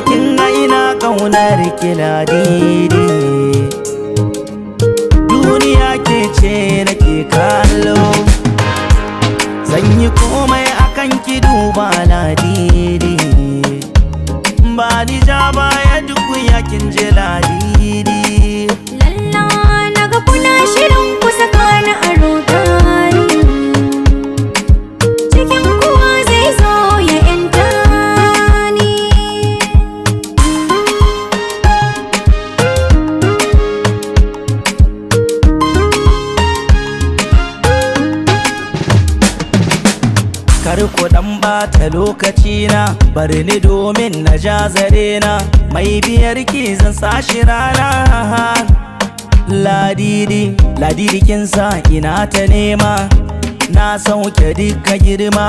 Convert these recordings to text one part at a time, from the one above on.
kwanakin ga ina ƙaunar kina didi duniya ke ce nake kallo zan yi komai akan ki duba na didi bata lokaci na bari ni domin na ja zare na mai biyar ki zan sashi rana ladidi ladidi kin sa ina ta nema na sauke duka girma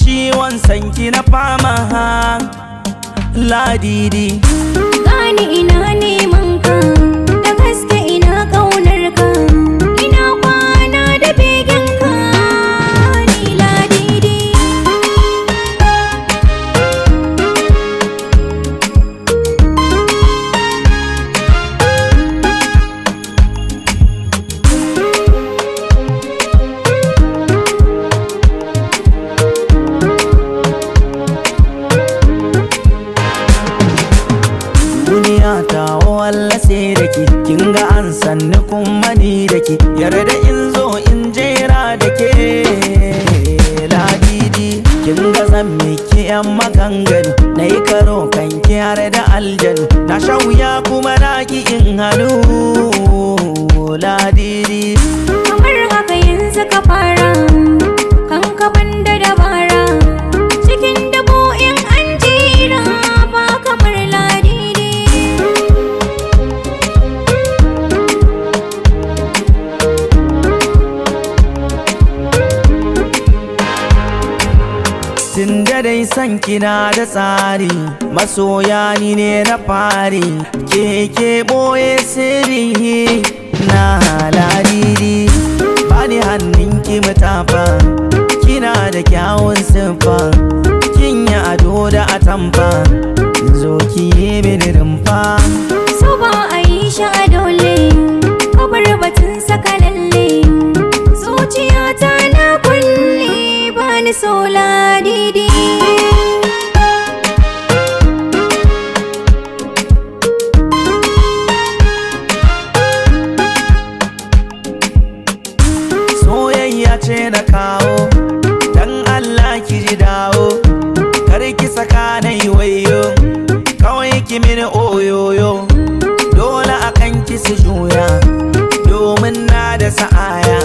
ciwon sanki na fama ladidi gani ina neman sannu kuma ni da ke yarda in zo in jera da ke ladidi kin ga zan miki yan makan gani na yi karo kan kyar da aljanu na sha wuya kuma na ki in hannu ladidi kamar haka yanzu ka fara tun da dai san kina da tsari masoya ni ne na fari keke boye siri na Ba bani hannun ki mutafa kina da kyawun siffa kin yi ado da atamfa zo ki yi mini rumfa so ba a yi ya ce na kawo dan Allah ki ji dawo kar ki saka na yi wayo kawai ki mini oyoyo dole kan ki su juya domin na da sa'aya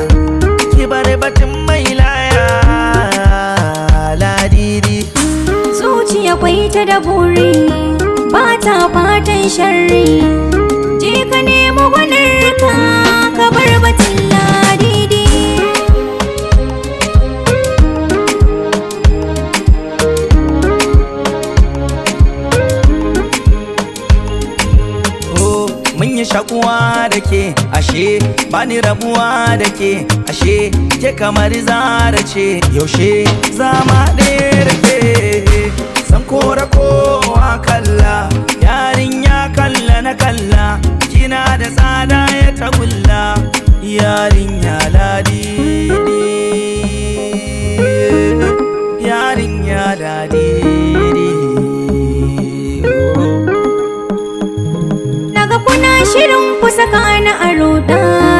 ki bar batun mai laya ladidi zuciya kwaita da buri ba ta fatan sharri shakuwa da ke ashe Ba ni rabuwa da ke ashe ke kamar zara ce yaushe zama ɗaya da ke san kora ko shirin kusa kana a ruɗa